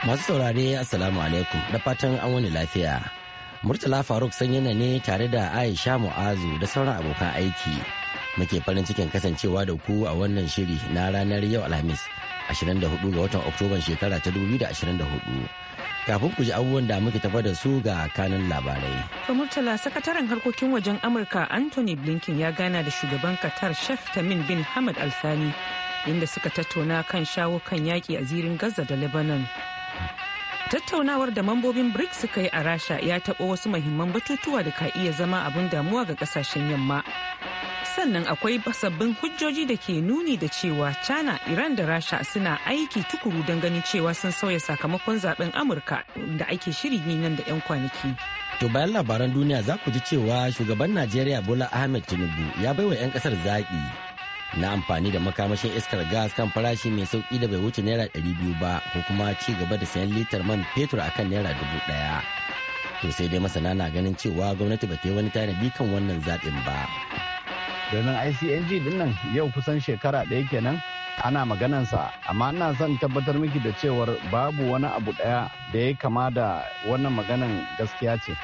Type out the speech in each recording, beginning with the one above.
Masu saurare Assalamu alaikum da fatan an wani lafiya. Murtala Faruk yana ne tare da Aisha Mu'azu da sauran abokan aiki. Muke farin cikin kasancewa da ku a wannan shiri na ranar yau Alhamis 24 ga watan Oktoban shekara ta 2024. Kafin ku ji abubuwan da muke tafa da su ga kanun labarai. To Murtala sakataren harkokin wajen Amurka Anthony Blinken ya gana da shugaban Qatar shaf tamin bin Hamad Al inda suka tattauna kan shawo kan yaƙi a zirin Gaza da Lebanon. tattaunawar da mambobin brics suka yi a rasha ya taɓo wasu mahimman batutuwa da ka iya zama abin damuwa ga kasashen yamma sannan akwai sabbin hujjoji da ke nuni da cewa china iran da rasha suna aiki tukuru don ganin cewa sun sauya sakamakon zaben amurka da ake shiri yi nan da 'yan kwanaki to bayan labaran duniya za ku ji cewa shugaban najeriya bola ahmed tinubu ya baiwa 'yan kasar zaɓi na amfani da makamashin iskar gas kan farashi mai sauki da bai wuce naira ɗari biyu ba ko kuma ci gaba da sayan litar man fetur akan naira dubu ɗaya. to sai dai masana na ganin cewa gwamnati ba ta yi wani tanadi kan wannan zaɓin ba domin icng din nan yau kusan shekara ɗaya kenan ana maganansa amma ina son tabbatar miki da cewar babu wani abu ɗaya da ya kama da wannan maganan gaskiya ce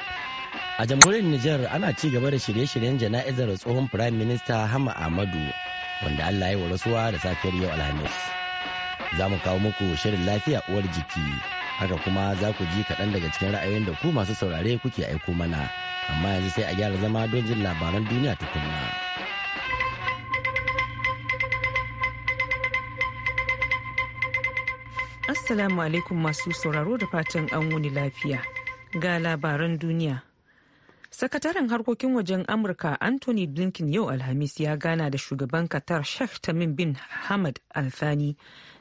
a jamhuriyar niger ana ci gaba da shirye-shiryen jana'izar tsohon firayim minista hama ahmadu wanda Allah ya rasuwa da safiyar yau Alhamis. Za mu kawo muku shirin lafiya uwar jiki, haka kuma za ku ji kaɗan daga cikin ra'ayoyin da ku masu saurare kuke aiko mana, amma yanzu sai a gyara zama don jin labaran duniya tukunna. Assalamu alaikum masu sauraro da fatan an wuni lafiya. Ga labaran duniya Sakataren harkokin wajen Amurka Anthony Blinken yau Alhamis ya gana da shugaban Qatar Sheikh Tamim bin Hamad Alfani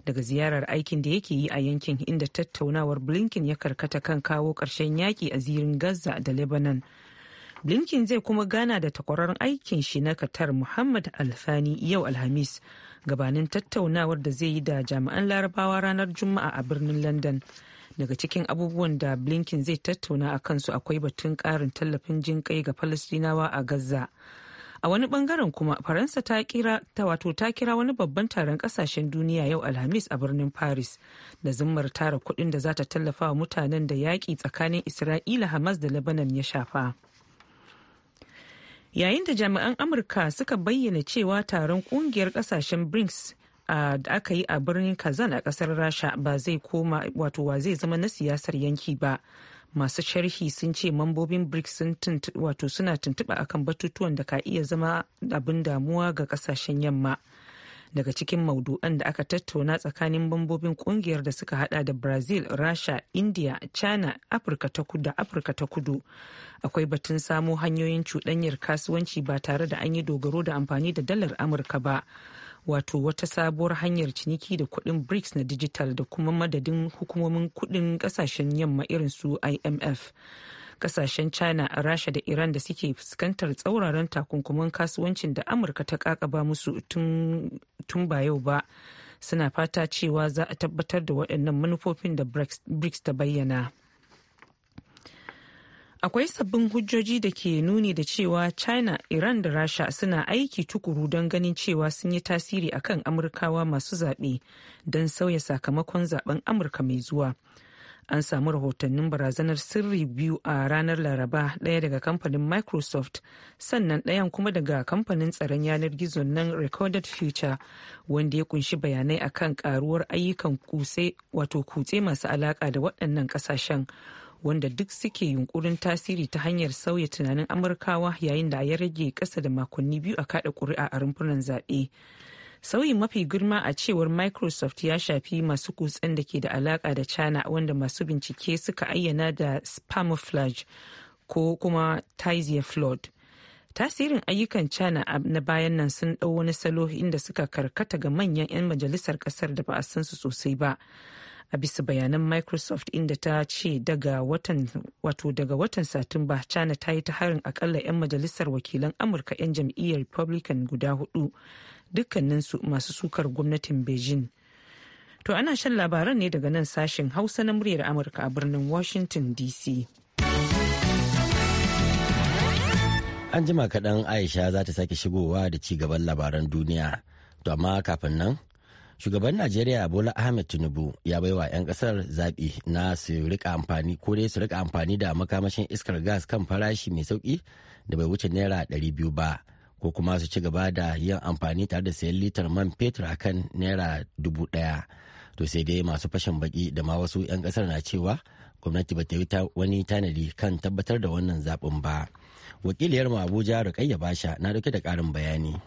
daga ziyarar aikin da yake yi a yankin inda tattaunawar Blinken ya karkata kan kawo ƙarshen yaƙi a zirin Gaza da Lebanon. Blinken zai kuma gana da takwararren aikin shi na Qatar Muhammad Alfani yau Alhamis gabanin tattaunawar da zai yi da jami'an Larabawa ranar Juma'a a birnin London. daga cikin abubuwan da blinken zai tattauna a kansu akwai batun karin tallafin jin kai ga falastinawa a gaza a wani bangaren kuma faransa ta kira ta wato ta kira wani babban taron kasashen duniya yau alhamis a birnin paris da zummar tara kudin da za ta tallafa wa mutanen da yaƙi tsakanin isra'ila hamas da lebanon ya shafa yayin da jami'an amurka suka bayyana cewa taron kungiyar kasashen brics da aka yi a birnin kazan a kasar rasha ba zai koma wato wa zai zama na siyasar yanki ba masu sharhi sun ce mambobin brics wato suna tuntuɓa akan batutuwan da ka iya zama abin damuwa ga kasashen yamma daga cikin maudu'an da aka tattauna tsakanin mambobin kungiyar da suka hada da brazil rasha india china afirka ta kudu afirka ta kudu akwai batun samo hanyoyin cuɗanyar kasuwanci ba tare da an yi dogaro da amfani da dalar amurka ba wato wata sabuwar hanyar ciniki da kuɗin brics na digital da kuma madadin hukumomin kuɗin ƙasashen yamma irin su imf ƙasashen china rasha da iran da suke fuskantar tsauraran takunkuman kasuwancin da amurka ta kakaba musu tun ba yau ba suna fata cewa za a tabbatar da waɗannan manufofin da brics ta bayyana. akwai sabbin hujjoji da ke nuni da cewa china iran da rasha suna aiki tukuru don ganin cewa sun yi tasiri a kan amurkawa masu zaɓe don sauya sakamakon zaben amurka mai zuwa an samu rahotannin barazanar sirri biyu a ranar laraba ɗaya daga kamfanin microsoft sannan ɗayan kuma daga kamfanin tsaron yanar gizo nan recorded future wanda ya kunshi bayanai akan karuwar ayyukan kutse kutse masu alaka da waɗannan ƙasashen wanda duk suke yunkurin tasiri ta hanyar sauya tunanin amurkawa yayin da ya rage kasa da makonni biyu a kada ƙuri'a a rumfunan zaɓe sauyi mafi girma a cewar microsoft ya shafi masu kutsen da ke da alaƙa da china wanda masu bincike suka ayyana da spamouflage ko kuma tizier flood tasirin ayyukan china na bayan nan sun ɗau wani salo inda suka karkata ga manyan 'yan majalisar ƙasar da ba a san su sosai ba a bisa bayanan microsoft inda ta ce daga watan wato daga watan satumba china ta yi ta harin akalla 'yan majalisar wakilan amurka 'yan jam'iyyar republican guda hudu dukkaninsu masu sukar gwamnatin beijing to ana shan labaran ne daga nan sashen hausa na muryar amurka a birnin washington dc an jima kaɗan aisha za ta sake shigowa da ci gaban labaran duniya to amma kafin nan shugaban najeriya bola ahmed tinubu ya baiwa 'yan kasar zaɓi na su rika amfani ko dai su rika amfani da makamashin iskar gas kan farashi mai sauki da bai wuce naira 200 ba ko kuma su ci gaba da yin amfani tare da sayan litar man fetur akan naira 1000 to sai dai masu fashin baki da ma wasu 'yan kasar na cewa gwamnati ba ta yi wani tanadi kan tabbatar da wannan zaɓin ba wakiliyar mu abuja rukayya basha na dauke da ƙarin bayani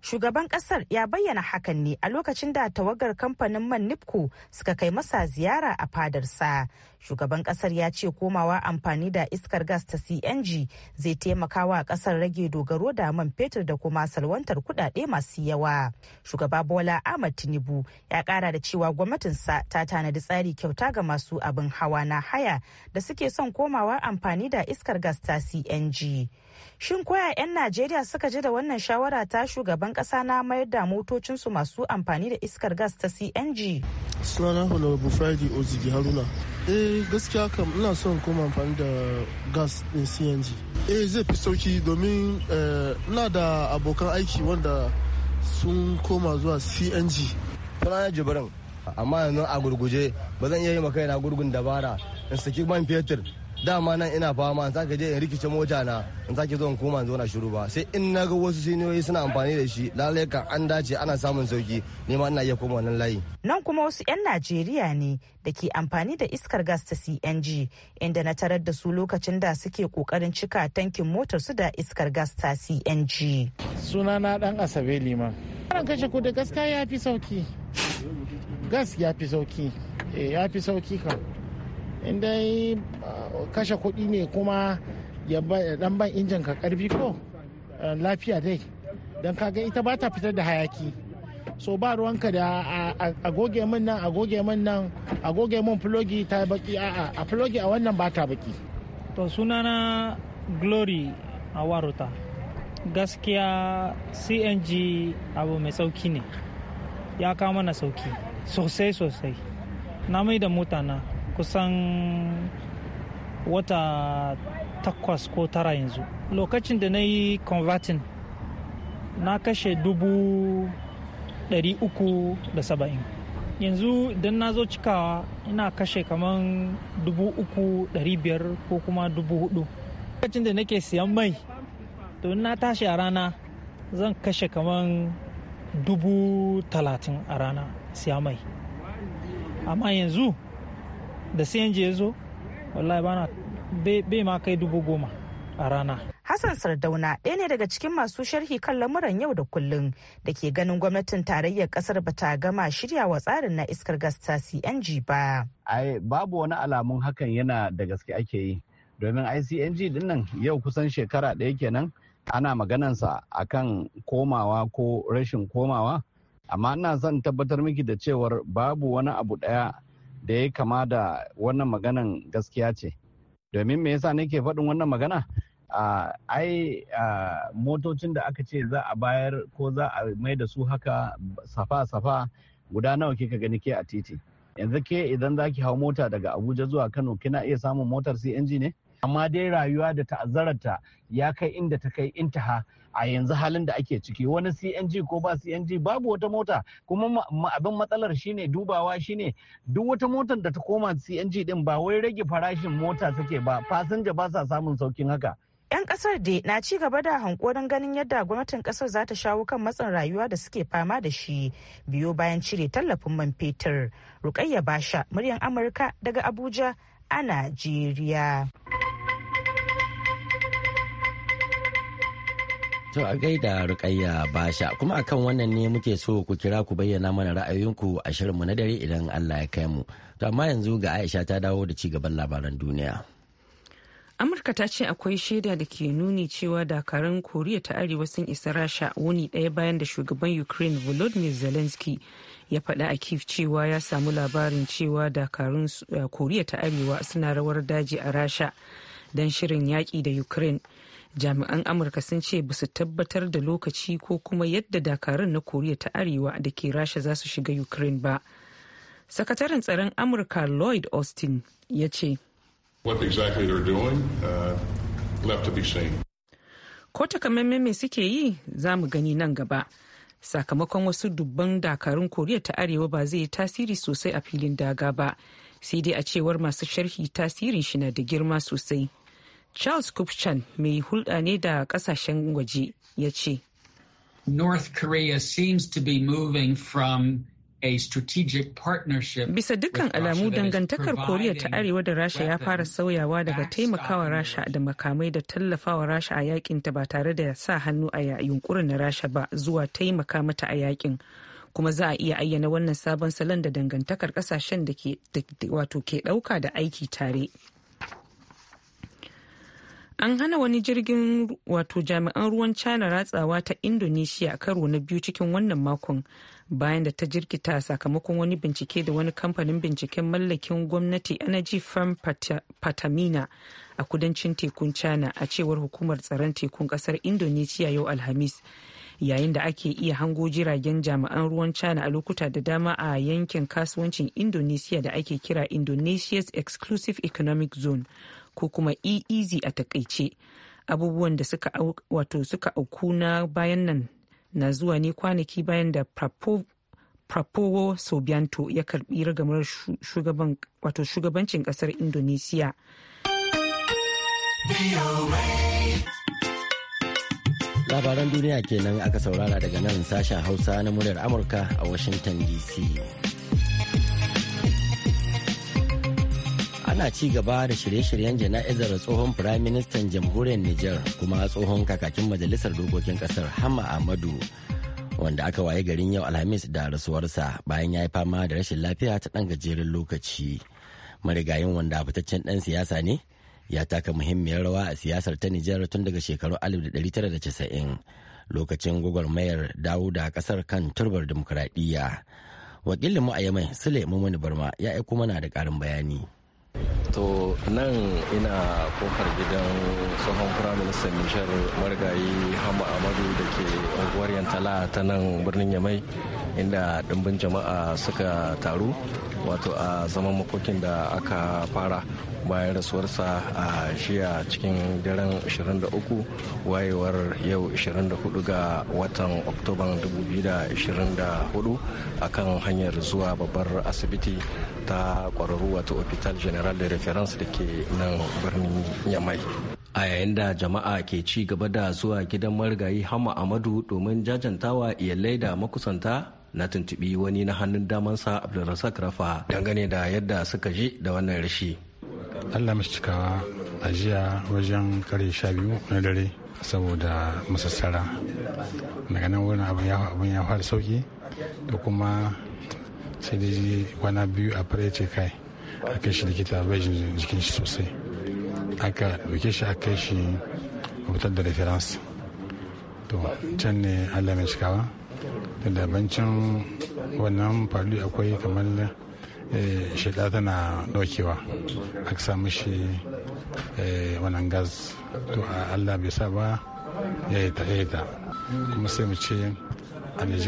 Shugaban kasar ya bayyana hakan ne a lokacin da tawagar kamfanin man Nipco suka kai masa ziyara a fadarsa. shugaban kasar ya ce komawa amfani da iskar gas ta cng zai taimakawa wa kasar rage dogaro da man fetur da kuma salwantar kudade masu yawa shugaba bola ahmad tinubu ya kara da cewa gwamnatinsa ta tanadi tsari kyauta ga masu abin hawa na haya da suke son komawa amfani da iskar gas ta cng Shin koya 'yan Najeriya suka ji da wannan shawara ta shugaban kasa na mayar da motocinsu masu amfani da iskar gas ta CNG? Sunana Friday Ozigi Haruna. eh gaskiya kam ina son kuma amfani da gas din cng eh zai fi sauki domin eh, ina da abokan aiki wanda sun koma zuwa cng sunana jibirin amma yanzu a gurguje ba zan iya yi maka yana gurgun dabara in saki man fetur dama nan ina fama in sake je in rikice mota na in sake zo in koma in zo na shiru ba sai in naga wasu siniyoyi suna amfani da shi lalle kan an dace ana samun sauki ne ma ina iya koma wannan layi nan kuma wasu yan Najeriya ne da ke amfani da iskar gas ta CNG inda na tarar da su lokacin da suke kokarin cika tankin motar su da iskar gas ta CNG suna na dan Asabe Liman Karan kashe kudi gaskiya ya fi sauki gas ya fi sauki eh, ya fi sauki kan in dai kashe kuɗi ne kuma ya dan ban injin ka karfi ko eh, lafiya dai don kaga ita ba ta fitar da hayaki so ba ruwanka da a goge min nan goge min nan goge min flogi ta baki a a flogi a wannan ba ta baki to sunana glory a waruta gaskiya cng abu mai sauki ne ya kama na sauki sosai sosai na mai da mota kusan wata takwas ko tara yanzu lokacin da na yi converting na kashe dubu ɗari uku da saba'in yanzu idan na zo cikawa ina kashe kaman dubu uku ɗari biyar ko kuma dubu hudu lokacin da nake siyan mai to na tashi a rana zan kashe kaman dubu talatin a rana siya mai amma yanzu da siyan je zo wallahi bana bai ma kai dubu goma a rana Hassan Sardauna ɗaya ne daga cikin masu sharhi kan lamuran yau da kullun da ke ganin gwamnatin tarayyar ƙasar ba ta gama wa tsarin na iskar gas ta CNG ba. Ai babu wani alamun hakan yana da gaske ake yi domin ICNG dinnan yau kusan shekara ɗaya kenan ana maganansa akan komawa ko rashin komawa amma ina son tabbatar miki da cewar babu wani abu ɗaya da ya kama da wannan maganan gaskiya ce domin me yasa nake faɗin wannan magana ai motocin da aka ce za a bayar ko za a mai da su haka safa-safa guda nawa kika gani ke a titi yanzu ke idan za ki hau mota daga abuja zuwa kano kina iya samun motar cng ne amma dai rayuwa da ta'azzararta ya kai inda ta kai intaha a yanzu halin da ake ciki wani cng ko ba cng babu wata mota kuma abin matsalar shine dubawa shine duk wata motar da ta koma cng din ba wai rage farashin mota take ba fasinja ba sa samun saukin haka 'yan kasar da na ci gaba da hankorin ganin yadda gwamnatin kasar za ta shawo kan matsin rayuwa da suke fama da shi biyo bayan cire tallafin man fetur rukayya basha muryan amurka daga abuja a najeriya To a gaida Rukayya Basha kuma akan wannan ne muke so ku kira ku bayyana mana ra'ayoyinku a shirinmu na dare idan Allah ya kai mu. To amma yanzu ga Aisha ta dawo da ci gaban labaran duniya. Amurka ta ce akwai shaida da ke nuni cewa dakarun Koriya ta Arewa sun isa Rasha wuni ɗaya bayan da shugaban Ukraine Volodymyr Zelensky ya faɗa a Kiev cewa ya samu labarin cewa dakarun eh, Koriya ta Arewa suna rawar daji a Rasha don shirin yaƙi da Ukraine. jami'an amurka sun ce basu tabbatar da lokaci ko kuma yadda dakarun na koriya ta arewa da ke rasha za su shiga ukraine ba sakataren tsaron amurka lloyd austin ya ce uh, ko takamaiman me suke yi za mu gani nan gaba sakamakon wasu dubban dakarun koriya ta arewa ba zai yi tasiri sosai a filin daga ba sai dai a cewar masu sharhi tasirin shi na da girma sosai charles kupchan mai hulɗa ne da ƙasashen waje ya ce north korea seems to be moving from a strategic Bisa dukkan alamu dangantakar Koriya ta Arewa da Rasha ya fara sauyawa daga taimakawa Rasha da makamai da tallafawa Rasha a yakinta ba tare da sa hannu a yunkurin na Rasha ba zuwa taimaka mata a yakin. Kuma za a iya ayyana wannan sabon salon da dangantakar kasashen da ke wato ke ɗauka da aiki tare. an hana wani jirgin wato jami'an ruwan china ratsawa ta indonesia karo na biyu cikin wannan makon bayan da ta jirkita sakamakon wani bincike da wani kamfanin binciken mallakin gwamnati energy firm patamina a kudancin tekun china a cewar hukumar tsaron tekun kasar indonesia yau alhamis yayin da ake iya hango jiragen jami'an ruwan china a lokuta da dama a yankin kasuwancin indonesia da ake kira indonesia's exclusive economic zone ko kuma eez a takaice abubuwan da suka wato suka auku na bayan nan na zuwa ne kwanaki bayan da prapowo sobianto ya karbi ragamar shugabancin kasar indonesiya labaran duniya kenan aka saurara daga nan sashen hausa na muryar amurka a washington dc ana ci gaba da shirye-shiryen jana'izar tsohon firaministan jamhuriyar Nijar kuma tsohon kakakin majalisar dokokin kasar Hama Ahmadu wanda aka waye garin yau Alhamis da rasuwarsa bayan ya yi fama da rashin lafiya ta ɗan gajeren lokaci. Marigayin wanda fitaccen ɗan siyasa ne ya taka muhimmiyar rawa a siyasar ta Nijar tun daga shekaru alif da casa'in, lokacin gwagwarmayar dawo da kasar kan turbar dimokuraɗiyya. Wakilin mu a Yamai Sule Mumuni Barma ya aiko mana da ƙarin bayani. to nan ina kofar gidan tsohon firaministan nishar margayi hama amadu da ke unguwar yantala ta nan birnin yamai inda dimbin jama'a suka taru wato a zaman makokin da aka fara bayan rasuwarsa a jiya cikin daren 23 wayewar yau 24 ga watan oktoban 2024 kan hanyar zuwa babbar asibiti ta kwararru wato hospital general de reference da ke nan birnin yamai a yayin da jama'a ke ci gaba da zuwa gidan marigayi hama amadu domin jajantawa iyalai da makusanta na tuntubi wani na hannun damansa abdulrasak rafa dangane da yadda suka ji da wannan rashi allah mashi cikawa a jiya wajen kare sha biyu na dare saboda masassara daga nan wurin abin ya fara sauki da kuma sai dai kwana biyu a fara ce kai a kai shi likita bai jikin shi sosai aka dauke shi a kai shi rubutar da reference to can ne allah mai cikawa da dabancin wannan faru akwai kamar Eh, shida tana dokewa a samu shi eh, wannan gas to allah bai sa ba ya yi ta kuma sai mu ce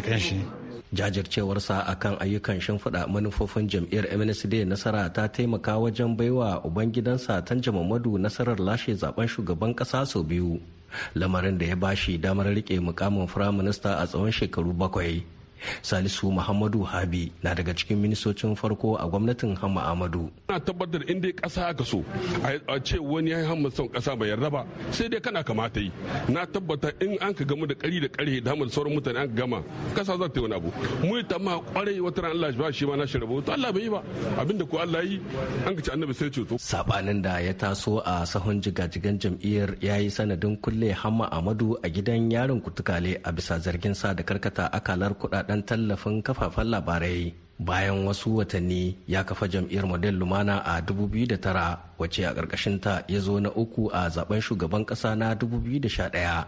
kanshi jajircewarsa a kan ayyukan shimfiɗa manufofin jam'iyyar mnsd nasara ta taimaka wajen baiwa ubangidansa tan mamadu nasarar lashe zaben shugaban ƙasa sau biyu lamarin da ya bashi damar rike mukamin firaminista a tsawon shekaru bakwai salisu muhammadu habi na daga cikin ministocin farko a gwamnatin hamma amadu na tabbatar inda dai kasa aka so a ce wani ya yi hamma son kasa bai yarda ba sai dai kana kamata yi na tabbata in an ka gamu da kari da kare da hamma sauran mutane an gama kasa za ta yi wani abu mu ta ma kwarai wata ran Allah ba shi ma na shi rabo to Allah bai yi ba abinda ko Allah yi an ka ci annabi sai ceto sabanin da ya taso a sahun jigajigan jam'iyyar yayi sanadin kulle hamma amadu a gidan yarin kutukale a bisa zargin sa da karkata akalar kudaden kudaden tallafin kafafen labarai bayan wasu watanni ya kafa jam'iyyar model lumana a 2009 wace a ta ya zo na uku a zaben shugaban ƙasa na 2011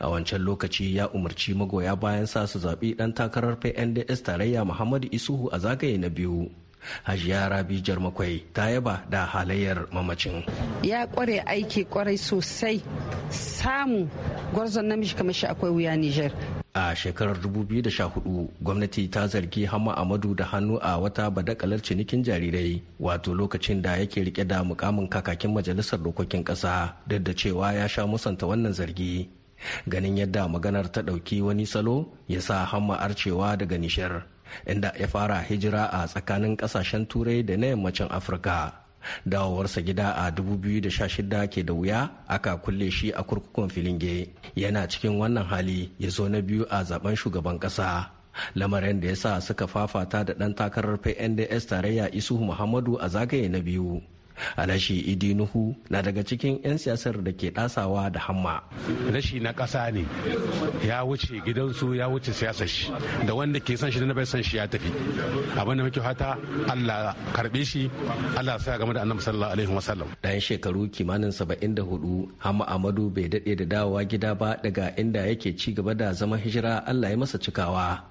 a wancan lokaci ya umarci magoya bayan sa su zaɓi ɗan takarar pnds tarayya muhammadu isuhu a zagaye na biyu hajiya rabi jarmakwai ta yaba da halayyar mamacin ya kware aiki kwarai sosai samu gwarzon namiji kamar shi akwai wuya niger a shekarar 2014 gwamnati ta zargi hama amadu da hannu a wata badakalar cinikin jarirai wato lokacin da yake rike da mukamin kakakin majalisar dokokin ƙasa duk da cewa ya sha musanta wannan zargi ganin yadda maganar ta ɗauki wani salo ya sa hamma arcewa daga nishar inda ya fara hijira a tsakanin ƙasashen turai da na yammacin afirka dawowarsa gida a 2016 ke da wuya aka kulle shi a kurkukun filinge yana cikin wannan hali ya zo na biyu a zaben shugaban kasa lamarin da ya sa suka fafata da ɗan takarar pnds tarayya isu muhammadu a zagaye na biyu Alhashi idinuhu na daga cikin 'yan siyasar da ke ɗasawa da hamma. Rashi na ƙasa ne ya wuce gidansu ya wuce siyasar shi da wanda ke son shi na bai son shi ya tafi. Abin da muke fata Allah karɓe shi Allah sa game da annabi sallallahu alaihi wasallam. Ɗayan shekaru kimanin saba'in da hudu Hamma Amadu bai daɗe da dawowa gida ba daga inda yake ci gaba da zama hijira Allah ya masa cikawa.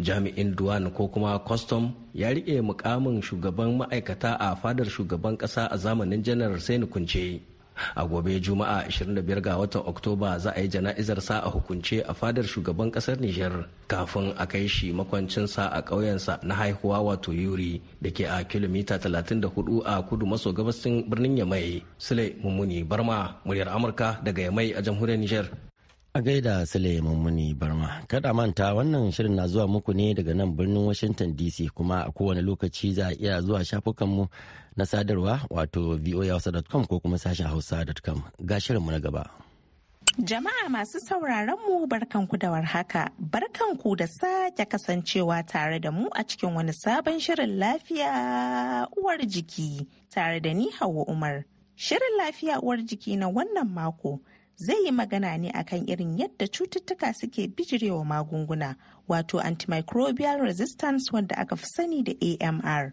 jami'in duwan ko kuma kwastam ya riƙe mukamin shugaban ma'aikata a fadar shugaban ƙasa a zamanin janar sai kunce a gobe juma'a 25 ga watan oktoba za a yi jana'izar sa a hukunce a fadar shugaban ƙasar nijar kafin a kai shi makwancinsa a ƙauyensa na haihuwa wato yuri da ke a kilomita 34 a kudu maso gabasin birnin yamai sule mummuni barma muryar amurka daga yamai a jamhuriyar nijar A gaida Sule Muni Barma, kada manta wannan shirin na zuwa muku ne daga nan birnin Washington DC kuma a kowane lokaci za a iya zuwa shafukanmu na sadarwa wato voahausa.com ko kuma sashen hausa.com ga shirinmu na gaba. Jama'a masu sauraron mu barkanku da warhaka, barkanku da sake kasancewa tare da mu a cikin wani sabon shirin lafiya uwar jiki tare da ni Hauwa Umar. Shirin lafiya uwar jiki na wannan mako. zai yi magana ne akan irin yadda cututtuka suke bijirewa magunguna wato antimicrobial resistance wanda aka fi sani da amr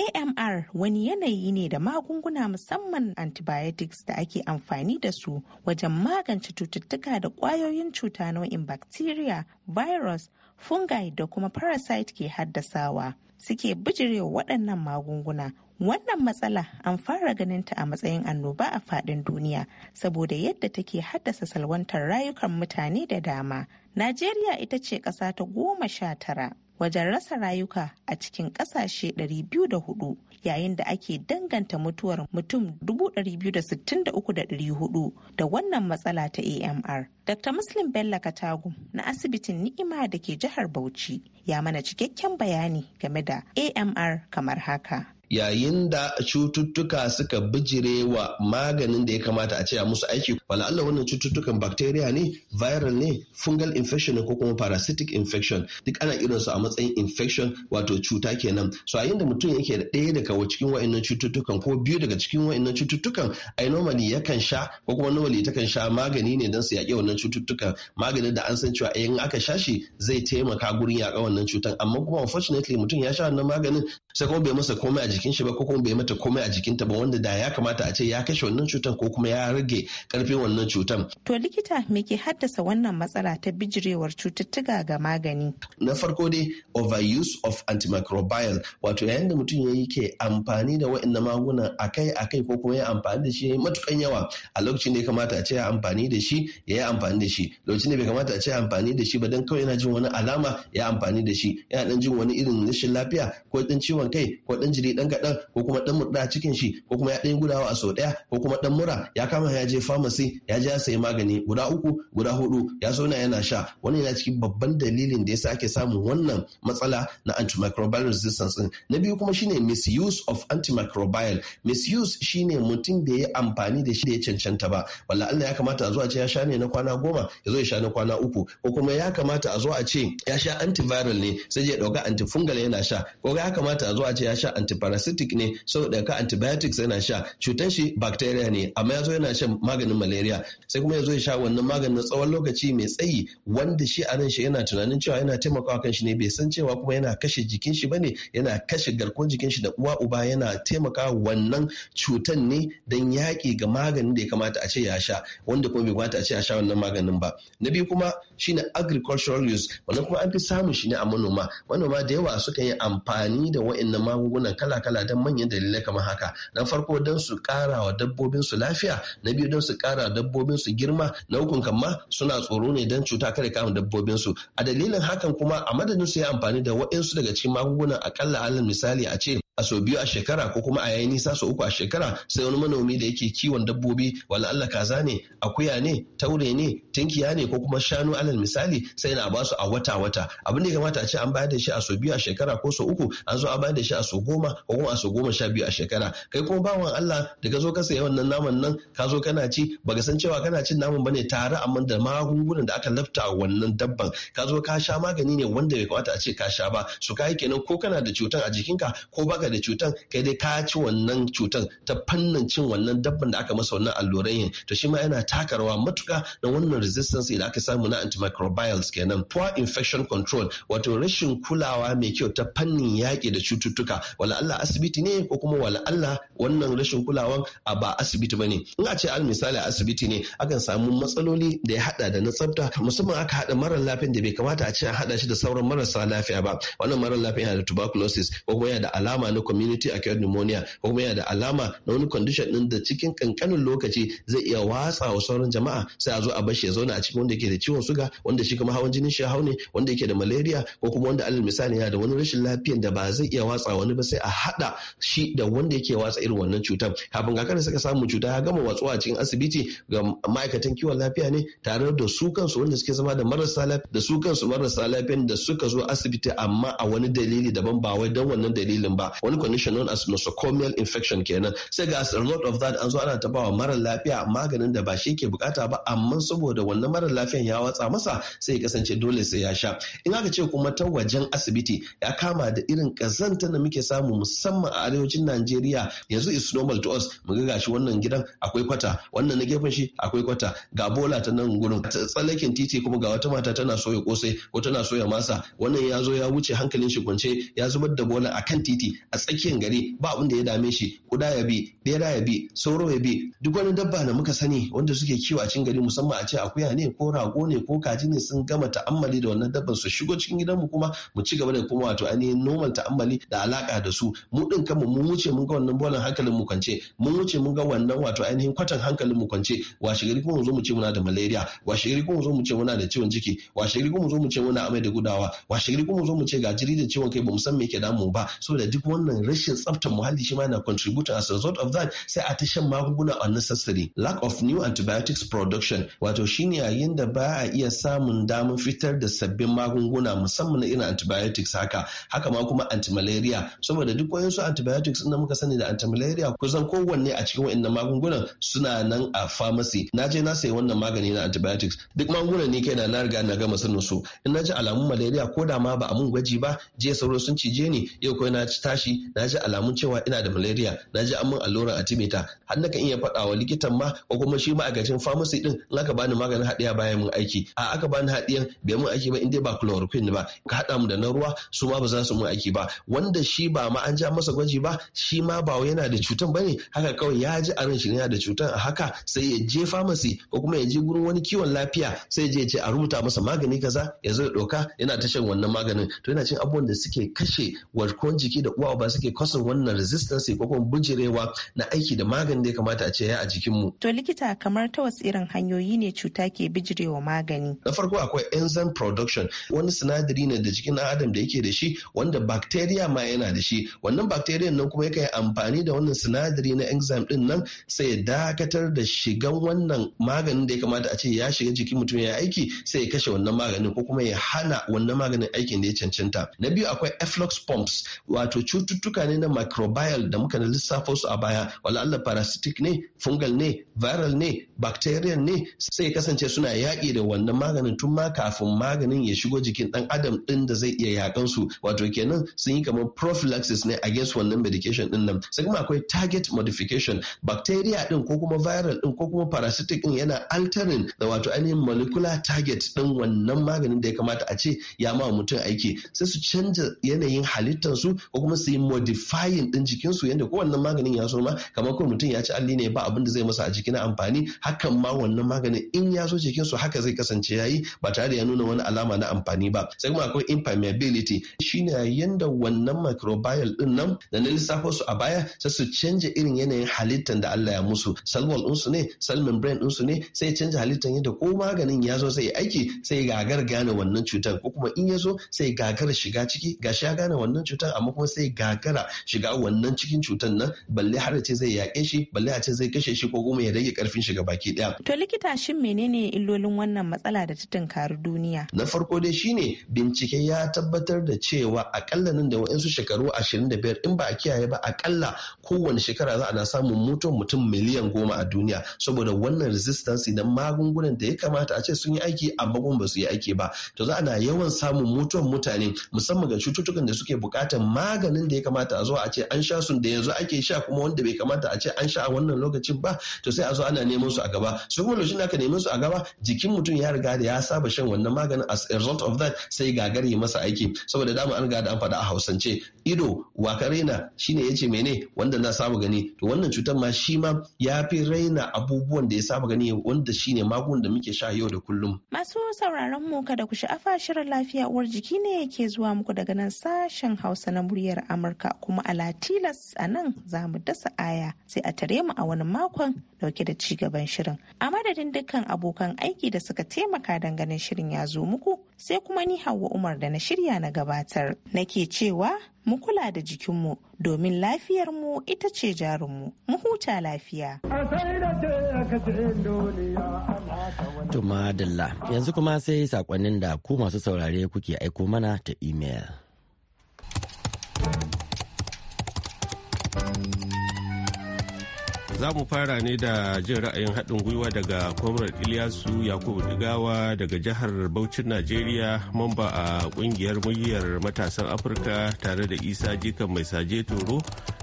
AMR wani yanayi ne da magunguna musamman antibiotics da ake amfani da su wajen magance cututtuka da ƙwayoyin cuta nau'in bacteria, virus, fungi da kuma parasite ke haddasawa suke bijirewa waɗannan magunguna wannan matsala an fara ganinta a matsayin annoba a faɗin duniya saboda yadda take haddasa salwantar rayukan mutane da dama najeriya ita ce ƙasa ta goma sha tara wajen rasa rayuka a cikin ƙasashe 204 yayin da ake danganta mutuwar mutum 263,400 da wannan matsala ta amr dr muslim bello katagu na asibitin ni'ima da ke jihar bauchi ya mana cikakken bayani game da amr kamar haka yayin da cututtuka suka bijire wa maganin da ya kamata a ce a musu aiki wala Allah wannan cututtukan bacteria ne viral ne fungal infection ne ko kuma parasitic infection duk ana irin su a matsayin infection wato cuta kenan so yayin da mutum yake da ɗaya daga cikin wa'annan cututtukan ko biyu daga cikin wa'annan cututtukan ai normally kan sha ko kuma normally kan sha magani ne don su yaƙi wannan cututtukan maganin da an san cewa eh in aka sha shi zai taimaka gurin yaƙa wannan cutan amma kuma unfortunately mutum ya sha wannan maganin sai kuma bai masa komai jikin shi ba ko kuma bai mata komai a jikinta ba wanda da ya kamata a ce ya kashe wannan cutan ko kuma ya rage karfin wannan cutan. To likita me ke haddasa wannan matsala ta bijirewar cututtuka ga magani? Na farko dai overuse of antimicrobial wato yayin da mutum ya yi ke amfani da waɗannan maguna akai akai ko kuma ya amfani da shi ya yi matukan yawa a lokacin da ya kamata a ce ya amfani da shi ya yi amfani da shi lokacin da bai kamata a ce ya amfani da shi ba dan kawai yana jin wani alama ya amfani da shi yana dan jin wani irin rashin lafiya ko dan ciwon kai ko dan jiri dan kaɗan ko kuma ɗan murɗa a cikin shi ko kuma ya ɗan gudawa a sau ɗaya ko kuma ɗan mura ya kama ya je famasi ya je ya sayi magani guda uku guda hudu ya zauna yana sha wani yana cikin babban dalilin da ya ake samun wannan matsala na antimicrobial resistance din na biyu kuma shine misuse of antimicrobial misuse shine mutum da ya amfani da shi da ya cancanta ba walla Allah ya kamata a zo ce ya sha ne na kwana goma ya zo ya sha na kwana uku ko kuma ya kamata a zo ce ya sha antiviral ne sai ya ɗauka antifungal yana sha ko ya kamata a zo a ce ya sha antiparasitic parasitic ne saboda ka antibiotics yana sha cutar shi bacteria ne amma ya yana shan maganin malaria sai kuma yazo ya sha wannan maganin na tsawon lokaci mai tsayi wanda shi a nan shi yana tunanin cewa yana taimakawa kan shi ne bai san cewa kuma yana kashe jikin shi bane yana kashe garkuwar jikin shi da uwa uba yana taimakawa wannan cutan ne don yaki ga maganin da ya kamata a ce ya sha wanda kuma bai kamata a ce ya sha wannan maganin ba na biyu kuma shine agricultural use wannan kuma an fi samun shi ne a manoma manoma da yawa suka yi amfani da wa'annan magungunan kala kala don manyan dalilai kamar haka na farko don su kara wa dabbobin su lafiya na biyu don su kara wa dabbobin su girma na ukun kamma suna tsoro ne don cuta kare kama dabbobin su a dalilin hakan kuma a madadin su yi amfani da waɗansu daga cikin magungunan akalla alal misali a ce a sau biyu a shekara ko kuma a yayin nisa sau uku a shekara sai wani manomi da yake kiwon dabbobi wala Allah kaza ne akuya ne taure ne tinkiya ne ko kuma shanu alal misali sai na basu a wata wata abin da ya kamata a ce an bayar da shi a sau biyu a shekara ko sau uku an zo a bayar da shi a sau goma ko kuma a sau goma sha biyu a shekara kai kuma bawan Allah da ka zo ka sayi wannan naman nan ka zo kana ci baka san cewa kana cin naman bane tare amma da magungunan da aka lafta wannan dabban ka zo ka sha magani ne wanda bai kamata a ce ka sha ba su kai kenan ko kana da cutan a jikinka ko baka baka da cutan kai dai ka ci wannan cutan ta fannin cin wannan dabban da aka masa wannan alluran yin to shi ma yana taka rawa matuka na wannan resistance da aka samu na antimicrobials kenan poor infection control wato rashin kulawa mai kyau ta fannin yaƙi da cututtuka wala Allah asibiti ne ko kuma wala Allah wannan rashin kulawan a ba asibiti bane in a ce al misali asibiti ne akan samu matsaloli da ya hada da na tsafta musamman aka hada mara lafiyan da bai kamata a ce a hada shi da sauran marasa lafiya ba wannan mara lafiya yana da tuberculosis ko kuma yana da alama na da community acquired pneumonia ko kuma yana da alama na wani condition din da cikin kankanin lokaci zai iya watsa wa sauran jama'a sai a zo a bashi ya zauna a cikin wanda yake da ciwon suga wanda shi kuma hawan jinin shi hau ne wanda yake da malaria ko kuma wanda alal misali yana da wani rashin lafiyan da ba zai iya watsa wani ba sai a hada shi da wanda yake watsa irin wannan cutar kafin kakar saka samu cuta ya gama watsuwa a cikin asibiti ga ma'aikatan kiwon lafiya ne tare da su kansu wanda suke zama da marasa lafiya da su kansu marasa lafiyan da suka zo asibiti amma a wani dalili daban ba wai don wannan dalilin ba wani condition known as nosocomial infection kenan sai ga as a result of that an zo ana ta bawa mara lafiya maganin da ba shi ke bukata ba amma saboda wannan mara lafiyan ya watsa masa sai ya kasance dole sai ya sha in aka ce kuma ta wajen asibiti ya kama da irin kazanta da muke samu musamman a arewacin Najeriya yanzu is normal to us mu ga gashi wannan gidan akwai kwata wannan na gefen shi akwai kwata ga bola ta nan gurin tsallakin titi kuma ga wata mata tana soya kosai ko tana soya masa wannan ya zo ya wuce hankalin shi kwance ya zubar da bola akan titi a a tsakiyar gari ba abin da ya dame shi kuda ya bi bera ya bi sauro ya bi duk wani dabba da muka sani wanda suke kiwo a cikin gari musamman a ce akuya ne ko rago ne ko kaji ne sun gama ta'ammali da wannan dabban su shigo cikin gidanmu kuma mu ci gaba da kuma wato ainihin noman ta'ammali da alaka da su mu din kanmu mun wuce mun ga wannan bolan hankalin mu kwance mun wuce mun ga wannan wato ainihin kwatan hankalin mu kwance washe gari kuma mu zo mu ce muna da malaria washe gari kuma mu zo mu ce muna da ciwon ciki washe gari kuma mu zo mu ce muna amai da gudawa washe gari kuma mu zo mu ce ga jiri da ciwon kai ba mu san me yake damu ba saboda duk wani wannan rashin tsaftar muhalli shi ma na contribute as a result of that sai a ta shan magunguna unnecessary lack of new antibiotics production wato shine yayin da ba a iya samun damar fitar da sabbin magunguna musamman irin antibiotics haka haka ma kuma antimalaria saboda duk su antibiotics inda muka sani da antimalaria kusan kowanne a cikin wa'annan magungunan suna nan a pharmacy na je na sayi wannan magani na antibiotics duk magungunan ne kai na riga na gama sanin su in na ji alamun malaria ko da ma ba a mun gwaji ba je sauro sun cije ni yau ko na tashi na ji alamun cewa ina da malaria na ji an min a timita har kan iya faɗa wa likitan ma ko kuma shi ma'aikacin famasi din in aka bani maganin haɗiya bayan mun aiki a aka bani haɗiyan bai mun aiki ba in dai ba chloroquine ba ka haɗa mu da na ruwa su ma ba za su mun aiki ba wanda shi ba ma an ja masa gwaji ba shi ma ba yana da cutan bane haka kawai ya ji a shi yana da cutan a haka sai ya je famasi ko kuma ya je gurin wani kiwon lafiya sai ya je ce a rubuta masa magani kaza ya zo ya ɗauka yana ta shan wannan maganin to yana cin abubuwan da suke kashe warkon jiki da uwa ba suke kwasan wannan resistance ko kuma bujirewa na aiki da magani da ya kamata a ce ya a jikinmu. To likita kamar ta wasu irin hanyoyi ne cuta ke bijirewa magani? Na farko akwai enzyme production wani sinadari ne da jikin adam da yake da shi wanda bacteria ma yana da shi wannan bacteria nan kuma yake yi amfani da wannan sinadari na enzyme din nan sai ya dakatar da shigan wannan maganin da ya kamata a ce ya shiga jikin mutum ya aiki sai ya kashe wannan maganin ko kuma ya hana wannan maganin aikin da ya cancanta. Na biyu akwai efflux pumps wato cuta cututtuka ne na microbial da muka lissafa su a baya wala Allah parasitic ne fungal ne viral ne bacterial ne sai kasance suna yaƙi da wannan maganin tun ma kafin maganin ya shigo jikin dan adam ɗin da zai iya yakan su wato kenan sun yi kamar prophylaxis ne against wannan medication ɗin nan sai kuma akwai target modification bacteria ɗin ko kuma viral ɗin ko kuma parasitic ɗin yana altering da wato ainihin molecular target ɗin wannan maganin da ya kamata a ce ya ma mutum aiki sai su canza yanayin halittar su ko kuma su yi yi modifying din jikinsu yadda kowannan maganin ya zo ma kamar kuma mutum ya ci alli ne ba abin da zai masa a jiki na amfani hakan ma wannan maganin in ya zo jikinsu haka zai kasance yayi ba tare da ya nuna wani alama na amfani ba sai kuma akwai impermeability shine yanda wannan microbial din nan da na lissafo su a baya sai su canja irin yanayin halittar da Allah ya musu cell wall din su ne cell membrane din su ne sai canja halittar yadda ko maganin ya zo sai aiki sai gagar gane wannan cutar ko kuma in ya zo sai gagar shiga ciki gashi ya gane wannan cutar amma kuma sai ga gagara shiga wannan cikin cutar nan balle har ce zai yaƙe shi balle har ce zai kashe shi ko kuma ya rage karfin shiga baki ɗaya. To likita shin menene illolin wannan matsala da ta tunkari duniya? Na farko dai shine bincike ya tabbatar da cewa akalla nan da wa'insu shekaru 25 in ba a kiyaye ba akalla kowane shekara za a na samun mutuwan mutum miliyan goma a duniya saboda wannan resistance idan magungunan da ya kamata a ce sun yi aiki amma kuma ba su yi aiki ba to za a na yawan samun mutuwan mutane musamman ga cututtukan da suke bukatar maganin da ya kamata a zo a ce an sha sun da yanzu ake sha kuma wanda bai kamata a ce an sha a wannan lokacin ba to sai a zo ana neman su a gaba su kuma lokacin da aka neman su a gaba jikin mutum ya riga da ya saba shan wannan maganin as a result of that sai gagari masa aiki saboda dama an riga da an faɗa a hausance ido waka raina shine yace mene wanda na saba gani to wannan cutar ma shi ma ya fi raina abubuwan da ya saba gani wanda shine magun da muke sha yau da kullum masu sauraron mu kada ku sha'afa shirin lafiya uwar jiki ne ke zuwa muku daga nan sashen Hausa na muryar Amurka amurka kuma a tilas a nan za mu dasa aya sai a tare mu a wani makon dauke da ci gaban shirin a madadin dukkan abokan aiki da suka taimaka ganin shirin ya zo muku sai kuma ni hawa umar da na shirya na gabatar nake cewa mu kula da jikinmu domin lafiyarmu ita ce jarinmu mu huta lafiya Tumadilla, yanzu kuma sai sakonnin da ku masu saurare kuke aiko mana ta imel. za mu fara ne da jin ra'ayin haɗin gwiwa daga kwamrar iliyasu yakubu digawa daga jihar Bauchin najeriya mamba a ƙungiyar muryar matasan afirka tare da isa jikan mai saje toro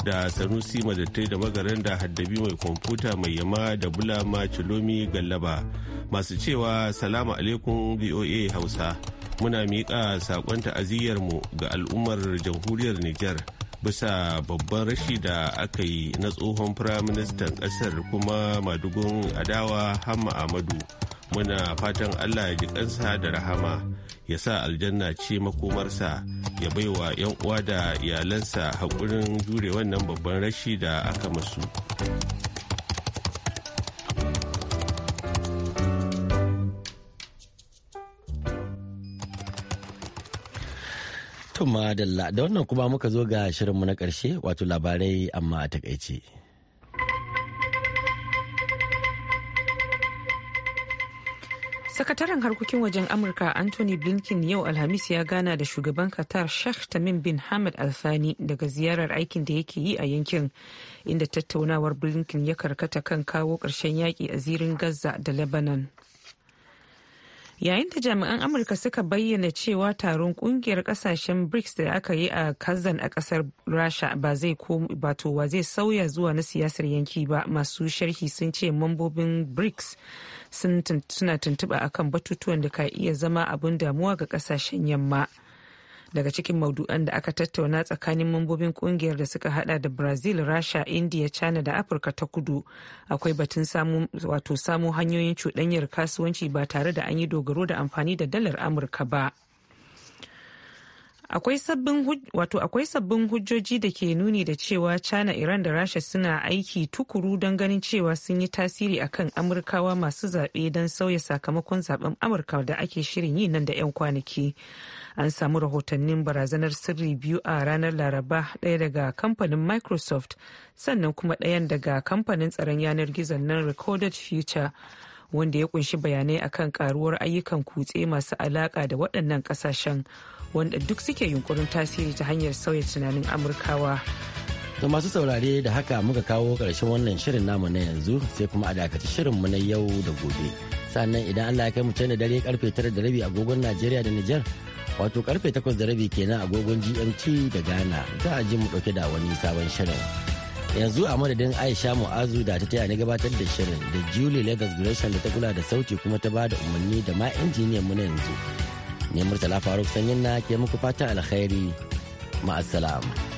da sanusi madattai da magaran da haddabi mai kwamfuta mai yama da bulama cilomi gallaba masu cewa salamu alaikum voa hausa muna miƙa saƙon ta'aziyyarmu ga al'ummar jamhuriyar nijar bisa babban rashi da aka yi na tsohon firaministan ƙasar kuma madugun adawa hamma amadu muna fatan allah ya ji kansa da rahama ya sa aljanna ce makomarsa ya baiwa 'yan uwa da iyalansa haƙurin jure wannan babban rashi da aka masu. To madalla da wannan kuma muka zo ga shirinmu na ƙarshe wato labarai amma a takaice. Sakataren harkokin wajen Amurka Anthony Blinken yau Alhamis ya gana da shugaban Qatar Sheikh Tamim bin Hamad Al daga ziyarar aikin da yake yi a yankin inda tattaunawar Blinken ya karkata kan kawo ƙarshen yaƙi a zirin Gaza da Lebanon. yayin da jami'an amurka suka bayyana cewa taron kungiyar kasashen brics da aka yi a kazan a kasar rasha ba zai batowa zai sauya zuwa na siyasar yanki ba masu sharhi sun ce mambobin brics suna tuntuɓa akan batutuwan da ka iya zama abin damuwa ga kasashen yamma. daga cikin maudu'an da aka tattauna tsakanin mambobin kungiyar da suka hada da brazil rasha india china da afirka ta kudu akwai batun wato samu hanyoyin cuɗanyar kasuwanci ba tare da an yi dogaro da amfani da dalar amurka ba akwai sabbin hujjoji da ke nuni da cewa china iran da rasha suna aiki tukuru don ganin cewa sun yi tasiri akan amurkawa masu zaɓe don sauya sakamakon zaben amurka da ake shirin yi nan da 'yan kwanaki an samu rahotannin barazanar sirri biyu a ranar laraba ɗaya daga kamfanin microsoft sannan kuma ɗayan daga kamfanin tsaron yanar gizon nan recorded future wanda ya kunshi bayanai akan karuwar ayyukan kutse masu alaka da waɗannan ƙasashen wanda duk suke yunkurin tasiri ta hanyar sauya tunanin amurkawa To masu saurare da haka muka kawo ƙarshen wannan shirin namu na yanzu sai kuma a dakaci shirin mu na yau da gobe. Sannan idan Allah ya kai mu can da dare karfe tara da rabi agogon Najeriya da niger wato karfe takwas da rabi kenan agogon gmt da ghana za a ji mu dauke da wani sabon shirin yanzu a madadin aisha mu'azu da ta taya ni gabatar da shirin da julie legas gresham da ta kula da sauti kuma ta ba da umarni da ma injiniyan mu na yanzu ne murtala faruk sanyin na ke muku fatan alkhairi ma'assalam.